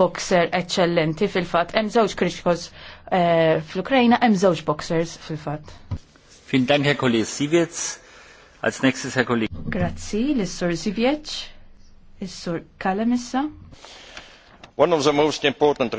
boxer eccellenti fil-fat. Hemm żewġ Kriċkos eh, fl-Ukrajna, hemm żewġ boxers fil-fat. Fin Dank, Herr Kollege Siewitz. Als sekoli. Grazzi, l-Sur Siewicz, l-Sur Kalemissa. One of the most important